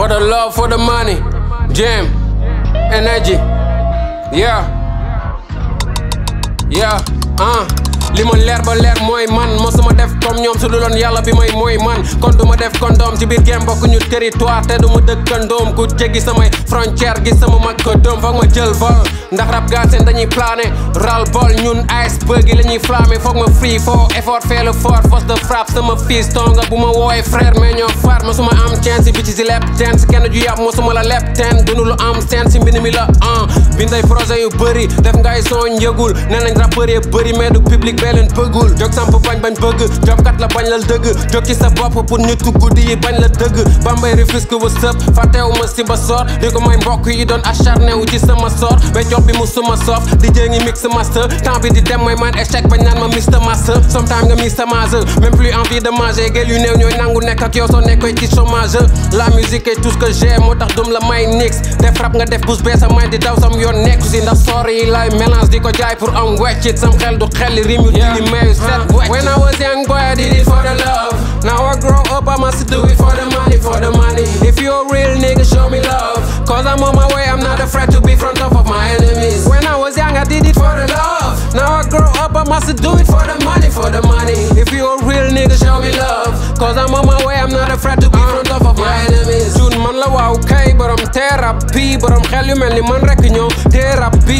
For the love, for the money. Jam. Energy. Yeah. Yeah. Uh. Li ma man ñoom su dul woon yàlla bi may mooy man kon du def kondoom ci biir game bokkuñu territoire te du ma ku jéggi samay frontière gi sama mag ko doom foog ma jël vol ndax rab gaa seen dañuy plané ral bol ñun iceberg yi la ñuy flammé ma free for effort fait le fort force de frappe sama fiston nga bu ma frère mais ñoo faar ma suma am chance si bici si lepp ten kenn ju yàpp ma suma la lepp ten dunu lu am seen si mbind mi la an binday projet yu bëri def ngay son yëgul nee nañ rappeur yi mais du public bee leen jog samp bañ bañ bëgg kat la bañ la dëgg jokki sa bopp pour nit guddi yi bañ la dëgg bambay refusque wa sëb fàttewuma si ba sor di ko may mbokk yi doon acharné wu ci sama sor ba job bi mu suma soof di jëy mix master temps di dem mooy man échec bañ naan ma mister master sometime nga mister master même plus envie de manger gel yu néew ñooy nangu nekk yow soo nekkoy ci chômage la musique est tout ce moo tax dum la may nix def rap nga def bus bee sa may di daw sam yoon nekku si When I was young boy, I did it for the love. Now I grow up, I must do it for the money, for the money. If you a real nigga, show me love. Cause I'm on my way, I'm not afraid to be front of my enemies. When I was young, I did it for the love. Now I grow up, I must do it for the money, for the money. If you a real nigga, show me love. Cause I'm on my way, I'm not afraid to be front of my enemies. June man la okay, but I'm therapy, but I'm hell you man, man reckon yo therapy.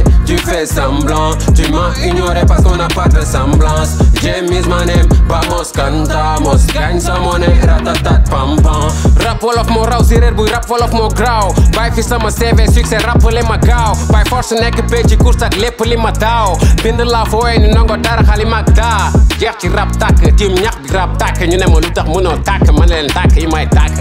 fait semblant Tu m'as ignoré parce qu'on n'a pas de ressemblance J'ai mis ma name, vamos, cantamos Gagne sa monnaie, ratatat, pam pam Rap wolof moo raw séeréer buy rap wolof moo graaw bàyyi fi sama CV succès rappelé ma gaaw by force nekk pay ci course ak lépp li ma daaw bind laa fooye ni nongo dara xali mag daa jeex ci rap tàkk tiim um ñax bi rap tàkk ñu ne ma lu tax mënoo tàkk ma ne leen tàkk yi may tàkk